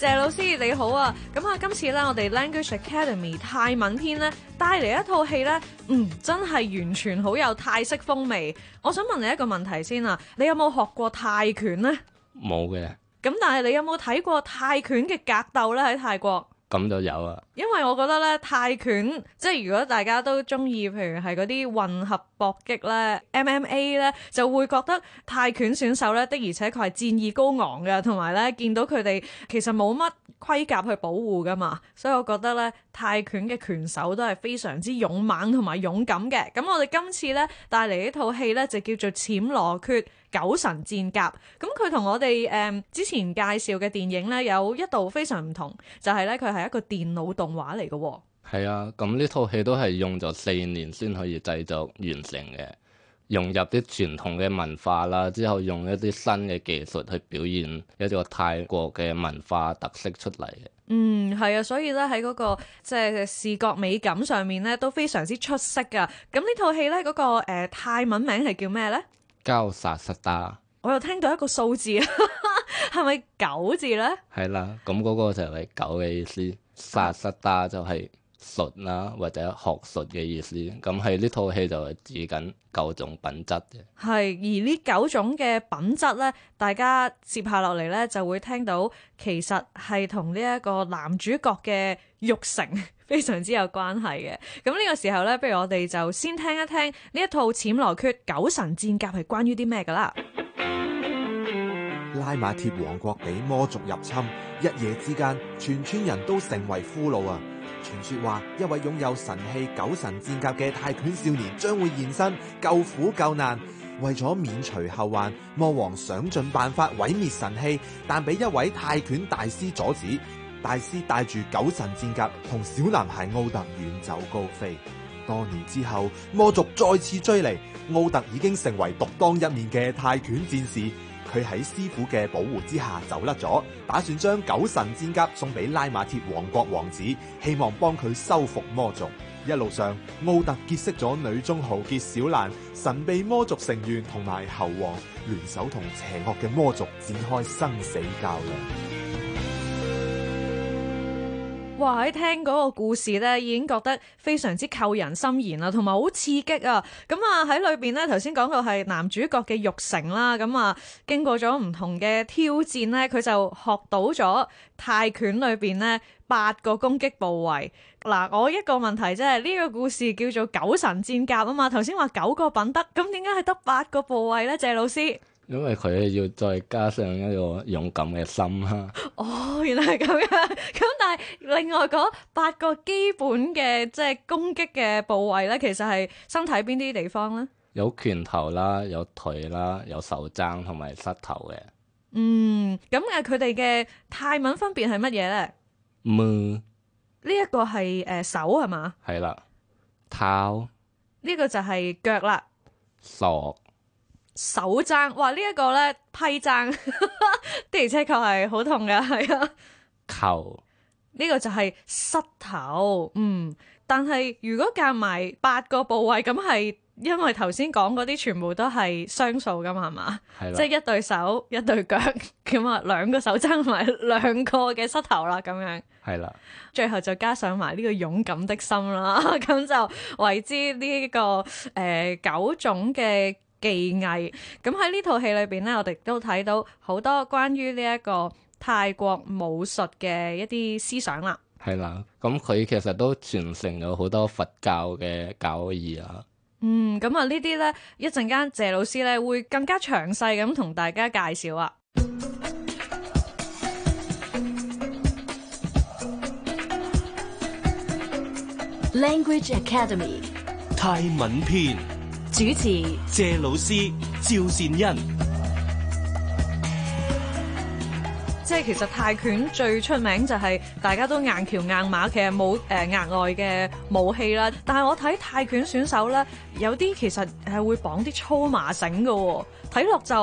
謝老師你好啊，今次我哋 Language Academy 泰文篇咧帶嚟一套戲咧，嗯，真係完全好有泰式風味。我想問你一個問題先啊，你有冇學過泰拳呢？冇嘅。咁但係你有冇睇過泰拳嘅格鬥呢？喺泰國？咁就有啊，因為我覺得咧泰拳，即係如果大家都中意，譬如係嗰啲混合搏擊咧，M M A 咧，MMA, 就會覺得泰拳選手咧的，的，而且確係戰意高昂嘅，同埋咧見到佢哋其實冇乜盔甲去保護噶嘛，所以我覺得咧泰拳嘅拳手都係非常之勇猛同埋勇敢嘅。咁我哋今次咧帶嚟呢套戲咧就叫做《暹羅決》。《九神戰甲》咁佢同我哋誒、嗯、之前介紹嘅電影咧有一度非常唔同，就係咧佢係一個電腦動畫嚟嘅、哦。係啊，咁呢套戲都係用咗四年先可以製作完成嘅，融入啲傳統嘅文化啦，之後用一啲新嘅技術去表現一個泰國嘅文化特色出嚟嘅。嗯，係啊，所以咧喺嗰個即係、就是、視覺美感上面咧都非常之出色嘅。咁呢套戲呢，嗰、那個、呃、泰文名係叫咩呢？交殺失打，我又聽到一個數字，係 咪九字咧？係啦，咁嗰個就係九嘅意思。殺失打就係術啦，或者學術嘅意思。咁係呢套戲就係指緊九種品質嘅係。而呢九種嘅品質咧，大家接下落嚟咧就會聽到，其實係同呢一個男主角嘅玉成非常之有關係嘅，咁呢個時候咧，不如我哋就先聽一聽呢一套《暹羅決：九神戰甲》係關於啲咩㗎啦。拉馬鐵王國俾魔族入侵，一夜之間全村人都成為俘虜啊！傳説話一位擁有神器九神戰甲嘅泰拳少年將會現身救苦救難，為咗免除後患，魔王想盡辦法毀滅神器，但俾一位泰拳大師阻止。大師帶住九神戰甲同小男孩奧特遠走高飛。多年之後，魔族再次追嚟，奧特已經成為獨當一面嘅泰拳戰士。佢喺師傅嘅保護之下走甩咗，打算將九神戰甲送俾拉馬鐵王國王子，希望幫佢收服魔族。一路上，奧特結識咗女中豪傑小蘭、神秘魔族成員同埋猴王，聯手同邪惡嘅魔族展開生死較量。哇！喺聽嗰個故事咧，已經覺得非常之扣人心弦啦，同埋好刺激啊！咁啊喺裏邊咧，頭先講到係男主角嘅欲誠啦，咁、嗯、啊經過咗唔同嘅挑戰咧，佢就學到咗泰拳裏邊咧八個攻擊部位嗱、嗯。我一個問題即係呢個故事叫做《九神戰甲》啊嘛，頭先話九個品德，咁點解係得八個部位咧，謝老師？因為佢要再加上一個勇敢嘅心啦。哦，原來係咁樣。咁 但係另外嗰八個基本嘅即係攻擊嘅部位咧，其實係身體邊啲地方咧？有拳頭啦，有腿啦，有手踭同埋膝頭嘅。嗯，咁啊，佢哋嘅泰文分別係乜嘢咧？嗯，呢一個係誒、呃、手係嘛？係啦。頭呢個就係腳啦。索手踭，哇！這個、呢一個咧批踭，的 而且確係好痛嘅，係啊。球呢扣個就係膝頭，嗯。但係如果夾埋八個部位，咁係因為頭先講嗰啲全部都係雙數噶嘛，係嘛？啊、即係一對手，一對腳，咁啊，兩個手踭埋兩個嘅膝頭啦，咁樣。係啦、啊。最後就加上埋呢個勇敢的心啦，咁 就為之呢、這個誒、呃、九種嘅。技藝咁喺呢套戲裏邊呢，我哋都睇到好多關於呢一個泰國武術嘅一啲思想啦。係啦，咁佢其實都傳承咗好多佛教嘅教義啊。嗯，咁啊呢啲呢，一陣間謝老師呢會更加詳細咁同大家介紹啊。Language Academy 泰文篇。主持謝老師趙善恩，即係其實泰拳最出名就係大家都硬橋硬馬，其實冇誒額外嘅武器啦。但係我睇泰拳選手咧，有啲其實係會綁啲粗麻繩噶，睇落就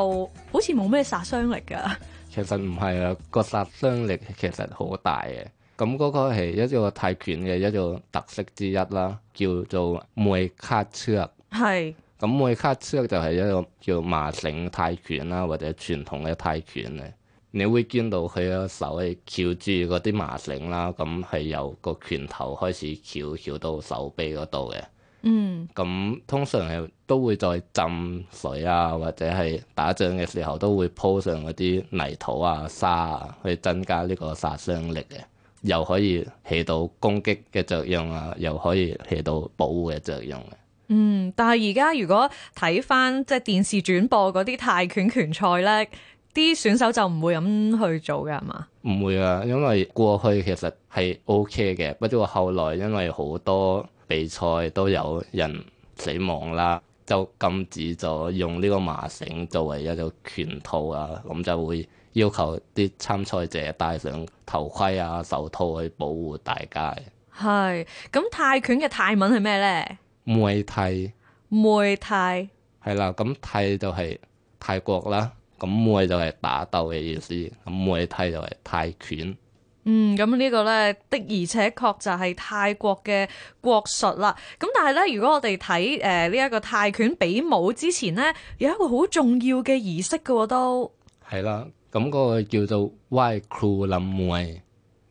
好似冇咩殺傷力噶。其實唔係啊，個殺傷力其實好大嘅。咁嗰個係一個泰拳嘅一個特色之一啦，叫做梅卡車係。咁我卡式就係一個叫麻繩泰拳啦，或者傳統嘅泰拳咧，你會見到佢嘅手係翹住嗰啲麻繩啦，咁係由個拳頭開始翹翹到手臂嗰度嘅。嗯，咁通常係都會再浸水啊，或者係打仗嘅時候都會鋪上嗰啲泥土啊、沙啊，去增加呢個殺傷力嘅，又可以起到攻擊嘅作用啊，又可以起到保護嘅作用嘅啊。嗯，但係而家如果睇翻即係電視轉播嗰啲泰拳拳賽咧，啲選手就唔會咁去做嘅，係嘛？唔會啊，因為過去其實係 OK 嘅，不過後來因為好多比賽都有人死亡啦，就禁止咗用呢個麻繩作為一種拳套啊，咁就會要求啲參賽者戴上頭盔啊、手套去保護大家嘅。係咁，泰拳嘅泰文係咩咧？Muay Thai，Muay Thai 係啦，咁泰就係泰國啦，咁 Muay 就係打鬥嘅意思，咁 Muay Thai 就係泰拳。嗯，咁呢個咧的而且確就係泰國嘅國術啦。咁但係咧，如果我哋睇誒呢一個泰拳比武之前咧，有一個好重要嘅儀式噶喎、哦，都係啦，咁嗰、那個叫做 Wai Kru Ram Muay?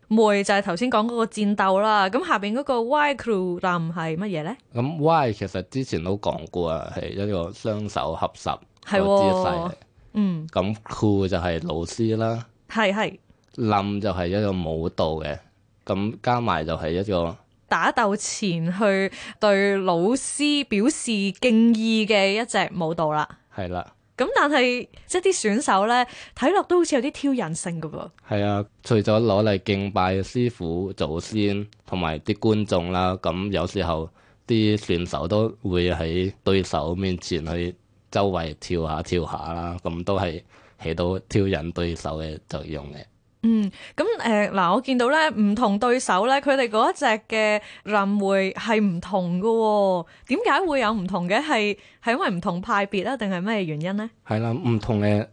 梅就係頭先講嗰個戰鬥啦，咁下邊嗰個 Y crew 冧係乜嘢咧？咁 Y 其實之前都講過啊，係一個雙手合十姿勢，係、哦，嗯，咁 crew 就係老師啦，係係冧就係一個舞蹈嘅，咁加埋就係一個打鬥前去對老師表示敬意嘅一隻舞蹈啦，係啦。咁但係即係啲選手咧睇落都好似有啲挑釁性噶噃。係啊，除咗攞嚟敬拜師傅、祖先同埋啲觀眾啦，咁有時候啲選手都會喺對手面前去周圍跳下跳下啦，咁都係起到挑釁對手嘅作用嘅。嗯，咁誒嗱，我見到咧，唔同對手咧，佢哋嗰一隻嘅輪迴係唔同㗎喎，點解會有唔同嘅？係係因為唔同派別啊，定係咩原因咧？係啦，唔同嘅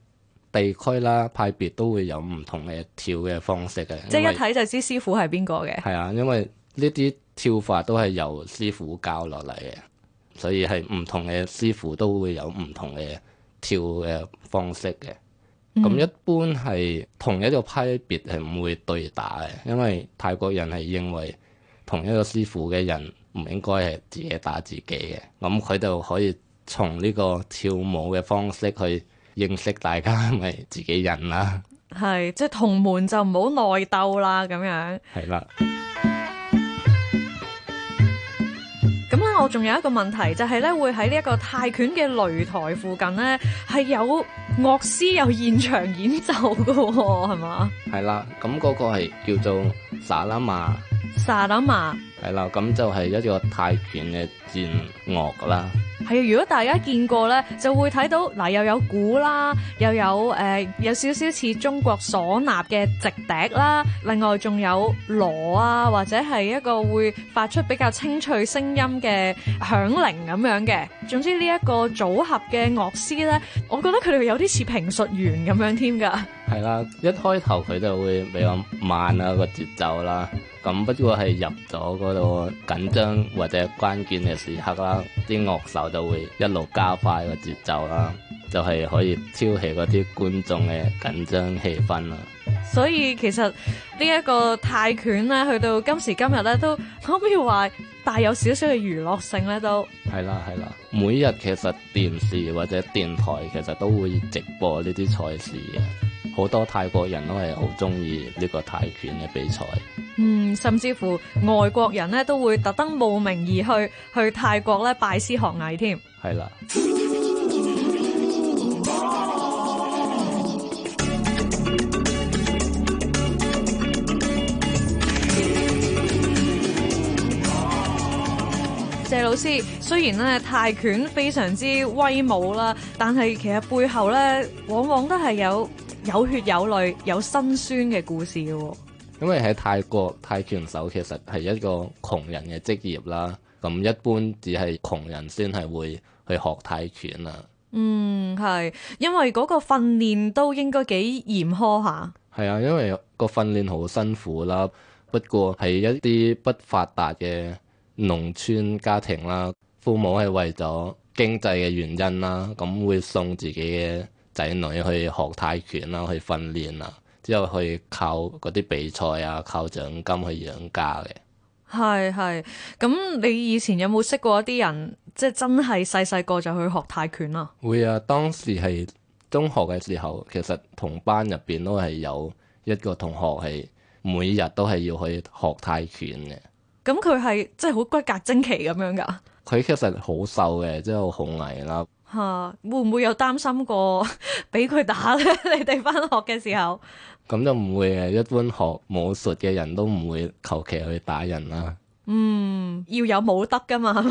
地區啦，派別都會有唔同嘅跳嘅方式嘅。即係一睇就知師傅係邊個嘅？係啊，因為呢啲跳法都係由師傅教落嚟嘅，所以係唔同嘅師傅都會有唔同嘅跳嘅方式嘅。咁、嗯、一般係同一個派別係唔會對打嘅，因為泰國人係認為同一個師傅嘅人唔應該係自己打自己嘅。咁佢就可以從呢個跳舞嘅方式去認識大家係咪自己人啦。係，即係同門就唔好內鬥啦，咁樣。係啦。我仲有一個問題，就係、是、咧會喺呢一個泰拳嘅擂台附近咧係有樂師有現場演奏嘅、哦，係嘛？係啦，咁嗰個係叫做薩拉馬，薩拉馬係啦，咁就係一個泰拳嘅。弦樂啦，係啊！如果大家見過咧，就會睇到嗱、呃，又有鼓啦，又有誒，有少少似中國嗩吶嘅直笛啦，另外仲有鑼啊，或者係一個會發出比較清脆聲音嘅響鈴咁樣嘅。總之呢一個組合嘅樂師咧，我覺得佢哋有啲似評述員咁樣添噶。係啦，一開頭佢就會比較慢啊、嗰個節奏啦，咁不過係入咗嗰度緊張或者關鍵嘅。時刻啦，啲樂手就會一路加快個節奏啦，就係可以挑起嗰啲觀眾嘅緊張氣氛啦。所以其實呢一個泰拳咧，去到今時今日咧，都可唔可以話帶有少少嘅娛樂性咧？都係啦係啦，每日其實電視或者電台其實都會直播呢啲賽事嘅，好多泰國人都係好中意呢個泰拳嘅比賽。嗯，甚至乎外國人咧都會特登慕名而去去泰國咧拜師學藝添。係啦的。謝老師，雖然咧泰拳非常之威武啦，但係其實背後咧往往都係有有血有淚有辛酸嘅故事嘅。因為喺泰國，泰拳手其實係一個窮人嘅職業啦。咁一般只係窮人先係會去學泰拳啦。嗯，係，因為嗰個訓練都應該幾嚴苛下。係啊，因為個訓練好辛苦啦。不過喺一啲不發達嘅農村家庭啦，父母係為咗經濟嘅原因啦，咁會送自己嘅仔女去學泰拳啦，去訓練啦。之後去靠嗰啲比賽啊，靠獎金去養家嘅。係係，咁你以前有冇識過一啲人，即係真係細細個就去學泰拳啊？會啊，當時係中學嘅時候，其實同班入邊都係有一個同學係每日都係要去學泰拳嘅。咁佢係即係好骨骼精奇咁樣㗎？佢其實好瘦嘅，即係好矮啦。嚇、啊，會唔會有擔心過俾佢打咧？ 你哋翻學嘅時候？咁就唔會誒，一般學武術嘅人都唔會求其去打人啦、啊。嗯，要有武德噶嘛，係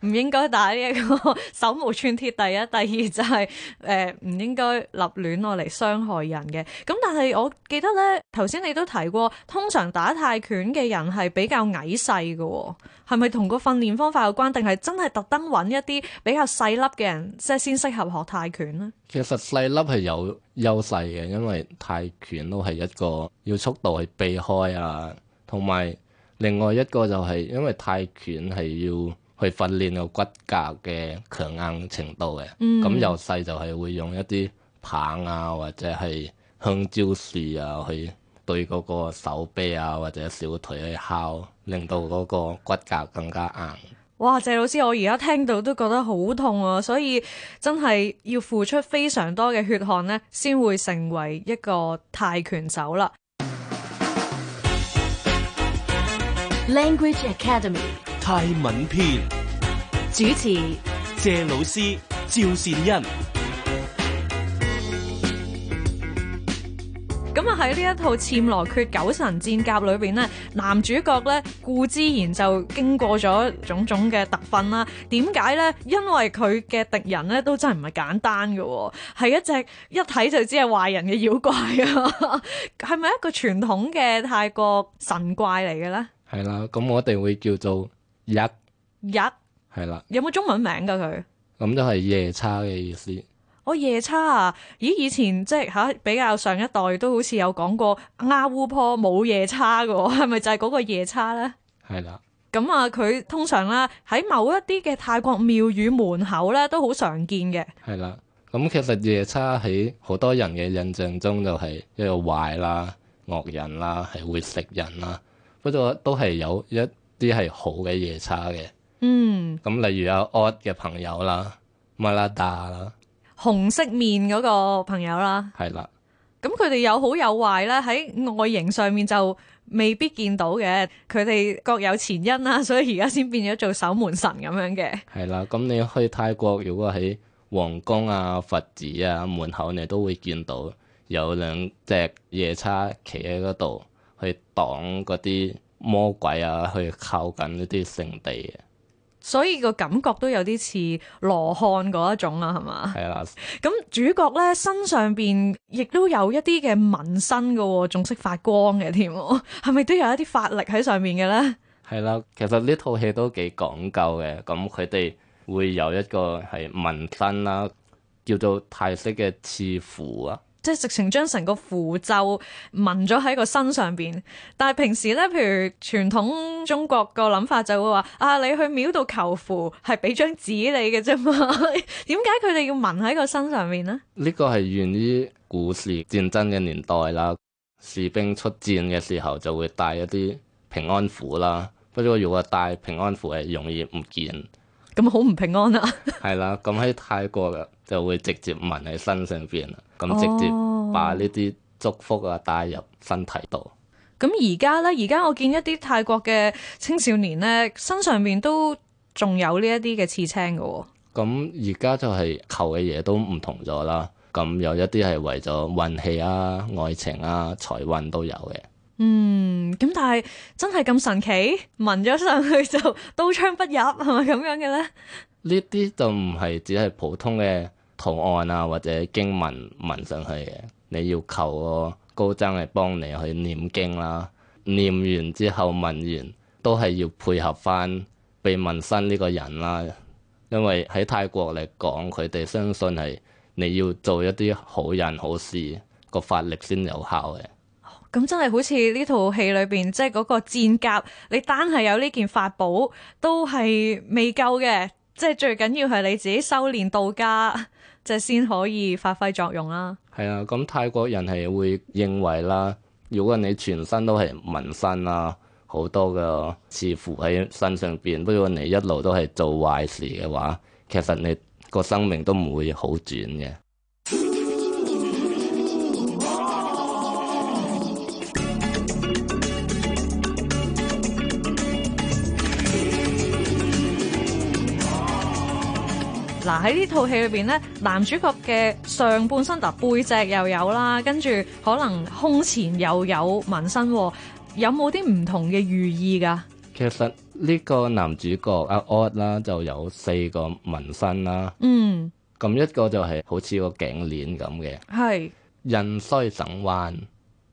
咪？唔 應該打呢一個手無寸鐵。第一、第二就係、是、誒，唔、呃、應該立亂落嚟傷害人嘅。咁但係我記得咧，頭先你都提過，通常打泰拳嘅人係比較矮細嘅、哦，係咪同個訓練方法有關？定係真係特登揾一啲比較細粒嘅人，即係先適合學泰拳呢？其實細粒係有優勢嘅，因為泰拳都係一個要速度去避開啊，同埋。另外一個就係因為泰拳係要去訓練個骨骼嘅強硬程度嘅，咁由細就係會用一啲棒啊或者係香蕉樹啊去對嗰個手臂啊或者小腿去敲，令到嗰個骨骼更加硬。哇！謝老師，我而家聽到都覺得好痛啊，所以真係要付出非常多嘅血汗呢，先會成為一個泰拳手啦。Language Academy 泰文篇，主持謝老師趙善恩。咁啊！喺呢一套《暹羅缺九神戰甲》裏邊咧，男主角咧顧之言就經過咗種種嘅特訓啦、啊。點解咧？因為佢嘅敵人咧都真係唔係簡單噶、哦，係一隻一睇就知係壞人嘅妖怪啊！係 咪一個傳統嘅泰國神怪嚟嘅咧？係啦，咁我哋會叫做日日係啦。逆了有冇中文名噶佢？咁就係夜叉嘅意思。哦，「夜叉啊！咦，以前即係吓比較上一代都好似有講過亞烏坡冇夜叉噶，係咪就係嗰個夜叉咧？係啦了。咁啊，佢通常啦，喺某一啲嘅泰國廟宇門口咧都好常見嘅。係啦，咁其實夜叉喺好多人嘅印象中就係一個壞啦、惡人啦，係會食人啦。嗰度都係有一啲係好嘅夜叉嘅，嗯，咁例如有 odd 嘅朋友啦，馬拉達啦，紅色面嗰個朋友啦，係啦的，咁佢哋有好有壞啦，喺外形上面就未必見到嘅，佢哋各有前因啦，所以而家先變咗做守門神咁樣嘅。係啦，咁你去泰國如果喺皇宮啊、佛寺啊門口，你都會見到有兩隻夜叉企喺嗰度。去擋嗰啲魔鬼啊，去靠近呢啲聖地嘅，所以個感覺都有啲似羅漢嗰一種啊，係嘛？係啦。咁主角咧身上邊亦都有一啲嘅紋身噶，仲識發光嘅添，係咪都有一啲法力喺上面嘅咧？係啦，其實呢套戲都幾講究嘅，咁佢哋會有一個係紋身啦，叫做泰式嘅刺符啊。即係直情將成個符咒紋咗喺個身上邊，但係平時咧，譬如傳統中國個諗法就會話，啊，你去廟度求符係俾張紙你嘅啫嘛？點解佢哋要紋喺個身上邊呢？呢個係源於古時戰爭嘅年代啦，士兵出戰嘅時候就會帶一啲平安符啦。不過如果帶平安符係容易唔見，咁好唔平安啊？係 啦，咁喺泰國嘅就會直接紋喺身上邊咁直接把呢啲祝福啊帶入身體度。咁而家咧，而家我見一啲泰國嘅青少年咧，身上面都仲有呢一啲嘅刺青噶哦。咁而家就係求嘅嘢都唔同咗啦。咁有一啲係為咗運氣啊、愛情啊、財運都有嘅。嗯，咁但係真係咁神奇？聞咗上去就刀槍不入係咪咁樣嘅咧？呢啲就唔係只係普通嘅。圖案啊，或者經文紋上去嘅，你要求個高僧嚟幫你去念經啦，念完之後紋完，都係要配合翻被紋身呢個人啦。因為喺泰國嚟講，佢哋相信係你要做一啲好人好事，個法力先有效嘅。咁、哦、真係好似呢套戲裏邊，即係嗰個戰甲，你單係有呢件法寶都係未夠嘅，即係最緊要係你自己修煉到家。即先可以發揮作用啦。係啊，咁泰國人係會認為啦，如果你全身都係紋身啊，好多嘅刺符喺身上邊，不過你一路都係做壞事嘅話，其實你個生命都唔會好轉嘅。嗱，喺呢套戲裏邊咧，男主角嘅上半身，嗱、啊、背脊又有啦，跟住可能胸前又有紋身，哦，有冇啲唔同嘅寓意噶？其實呢個男主角阿 o 啦，就有四個紋身啦。嗯，咁、啊、一個就係好似個頸鏈咁嘅，係印是衰省彎。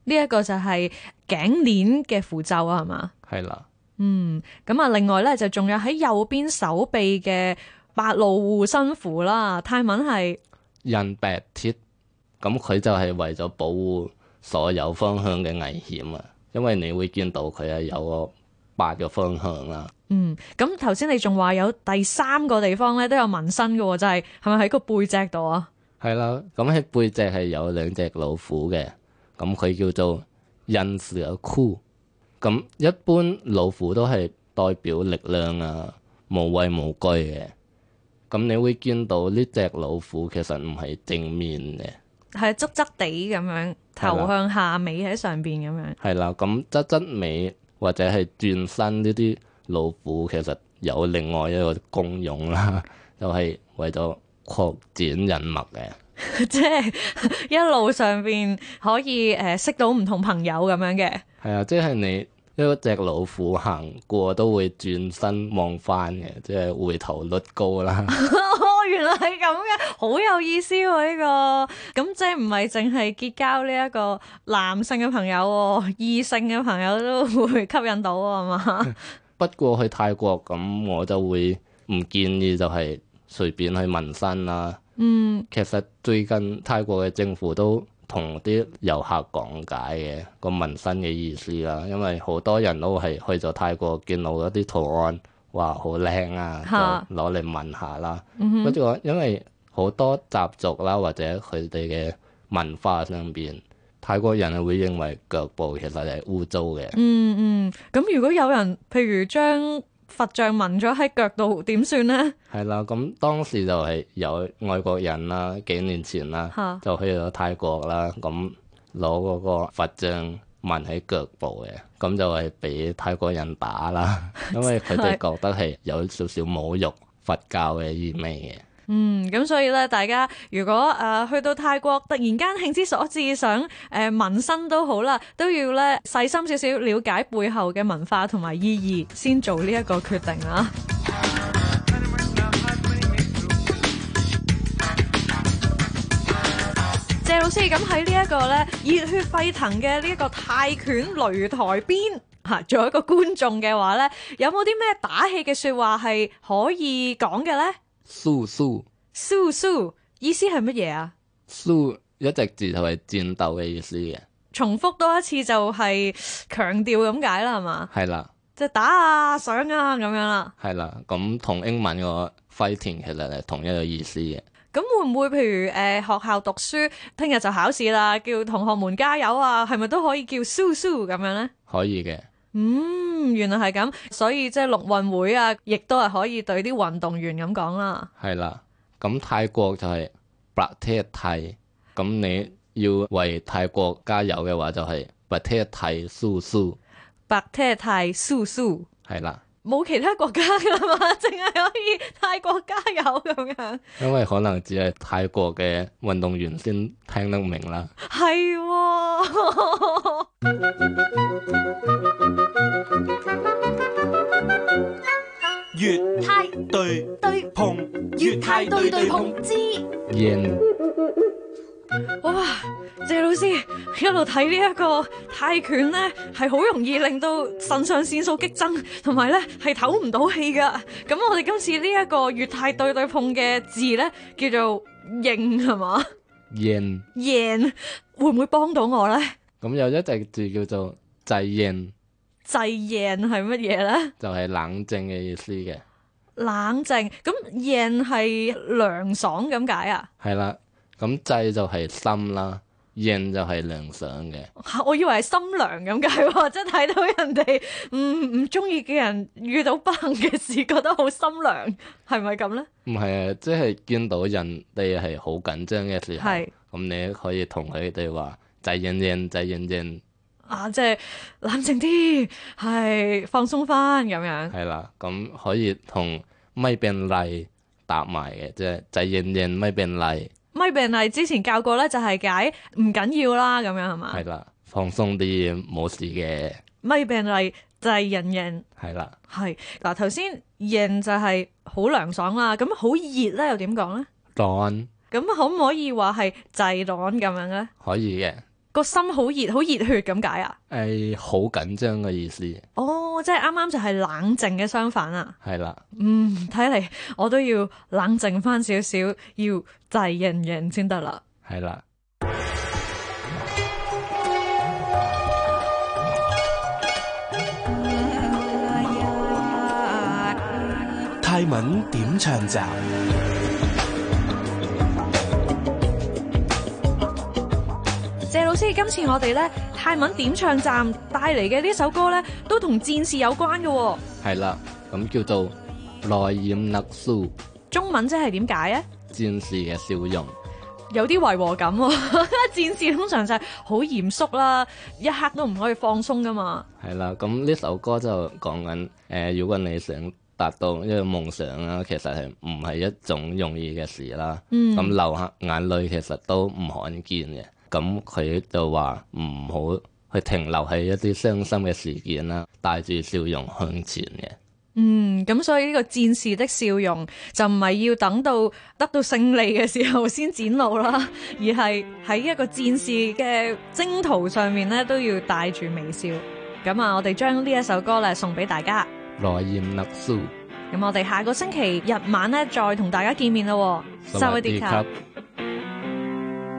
呢一個就係頸鏈嘅符咒啊，係嘛？係啦。嗯，咁啊，另外咧就仲有喺右邊手臂嘅。八路護身符啦，泰文係印白鐵，咁佢就係為咗保護所有方向嘅危險啊，因為你會見到佢係有個八個方向啦。嗯，咁頭先你仲話有第三個地方咧都有紋身㗎，就係係咪喺個背脊度啊？係啦，咁喺背脊係有兩隻老虎嘅，咁佢叫做印士庫，咁一般老虎都係代表力量啊、無畏無懼嘅。咁你會見到呢隻老虎其實唔係正面嘅，係側側地咁樣，頭向下，尾喺上邊咁樣。係啦，咁側側尾或者係轉身呢啲老虎，其實有另外一個功用啦，就係、是、為咗擴展人脈嘅，即係、 就是、一路上邊可以誒、呃、識到唔同朋友咁樣嘅。係啊，即、就、係、是、你。一隻老虎行過都會轉身望翻嘅，即係回頭率高啦。 哦，原來係咁嘅，好有意思喎，啊，呢，這個。咁即係唔係淨係結交呢一個男性嘅朋友，啊，異性嘅朋友都會吸引到啊，嘛？ 不過去泰國咁，我就會唔建議就係隨便去紋身啦，啊。嗯，其實最近泰國嘅政府都。同啲遊客講解嘅個紋身嘅意思啦，因為好多人都係去咗泰國見到一啲圖案，哇，好靚啊，就攞嚟紋下啦。跟住我因為好多習俗啦，或者佢哋嘅文化上邊，泰國人係會認為腳部其實係污糟嘅。嗯嗯，咁如果有人譬如將佛像紋咗喺腳度，點算呢？係啦，咁當時就係有外國人啦，幾年前啦，就去咗泰國啦，咁攞嗰個佛像紋喺腳部嘅，咁就係俾泰國人打啦，因為佢哋覺得係有少少侮辱佛教嘅意味嘅。嗯，咁所以咧，大家如果誒、呃、去到泰國，突然間興之所至，想誒紋身都好啦，都要咧細心少少了解背後嘅文化同埋意義，先做呢一個決定啊！謝老師，咁喺呢一個咧熱血沸騰嘅呢一個泰拳擂台邊，吓，做一個觀眾嘅話咧，有冇啲咩打氣嘅說話係可以講嘅咧？蘇蘇蘇蘇，意思係乜嘢啊？蘇一隻字就係戰鬥嘅意思嘅。重複多一次就係強調咁解啦，係嘛的？係啦。即係打啊，上啊，咁樣啦。係啦，咁同英文嘅 fighting 其實係同一個意思嘅。咁會唔會譬如誒、呃、學校讀書聽日就考試啦，叫同學們加油啊，係咪都可以叫蘇蘇咁樣咧？可以嘅。嗯，原來係咁，所以即係陸運會啊，亦都係可以對啲運動員咁講啦。係啦，咁、嗯、泰國就係巴提泰，咁你要為泰國加油嘅話就係巴提泰蘇蘇。巴提泰蘇蘇。係啦。冇的其他國家㗎嘛，淨 係可以泰國加油咁樣。因為可能只係泰國嘅運動員先聽得明啦。係是的。 對，對碰粵泰對對碰，知贏贏哇！謝老師一路睇呢一個泰拳咧，係好容易令到腎上腺素激增，同埋咧係唞唔到氣噶。咁我哋今次呢一個粵泰對對碰嘅字咧，叫做認係嘛？認認贏會唔會幫到我咧？咁、嗯嗯、有一隻字叫做制認，制認係乜嘢咧？呢就係冷靜嘅意思嘅。冷靜咁，贏係涼爽咁解啊？係啦，咁制就係心啦，贏就係涼爽嘅。 我以為係心涼咁解，即係睇到人哋唔唔中意嘅人遇到不幸嘅事，覺得好心涼，係咪咁咧？唔係啊，即係見到人哋係好緊張嘅時候，咁是你可以同佢哋話制讓讓制讓讓。啊，即係冷靜啲，係放鬆翻咁樣。係啦，咁可以同咪病例搭埋，嘅，即係制認認咪病例。咪病例之前教過咧，就係解唔緊要啦，咁樣係嘛？係啦，放鬆啲冇事嘅。咪病例就係認認。係啦，係嗱，頭先認就係好涼爽啦，咁好熱咧又點講咧？當。咁可唔可以話係制當咁樣咧？可以嘅。個心好熱，好熱血咁解啊？欸，好緊張嘅意思。哦、欸，oh, 即係啱啱就係冷靜嘅相反啊。係 啦。嗯，睇嚟我都要冷靜翻少少，要靜一靜先得啦。係啦。泰文點唱就？謝老師，今次我哋咧泰文點唱站帶嚟嘅呢首歌咧，都同戰士有關嘅、哦。係啦，咁叫做《內掩納蘇》。中文即係點解咧？戰士嘅笑容有啲違和感、哦。 戰士通常就係好嚴肅啦，一刻都唔可以放鬆噶嘛。係啦，咁呢首歌就講緊誒，如果你想達到一個夢想啊，其實係唔係一種容易嘅事啦。咁、嗯、流下眼淚其實都唔罕見嘅。咁佢就話唔好去停留喺一啲傷心嘅事件啦，帶住笑容向前嘅。嗯，咁所以呢個戰士的笑容就唔係要等到得到勝利嘅時候先展露啦，而係喺一個戰士嘅征途上面咧，都要帶住微笑。咁啊，我哋將呢一首歌咧送俾大家。來言納蘇。咁 我哋下個星期日晚咧再同大家見面咯、哦。 收尾電台。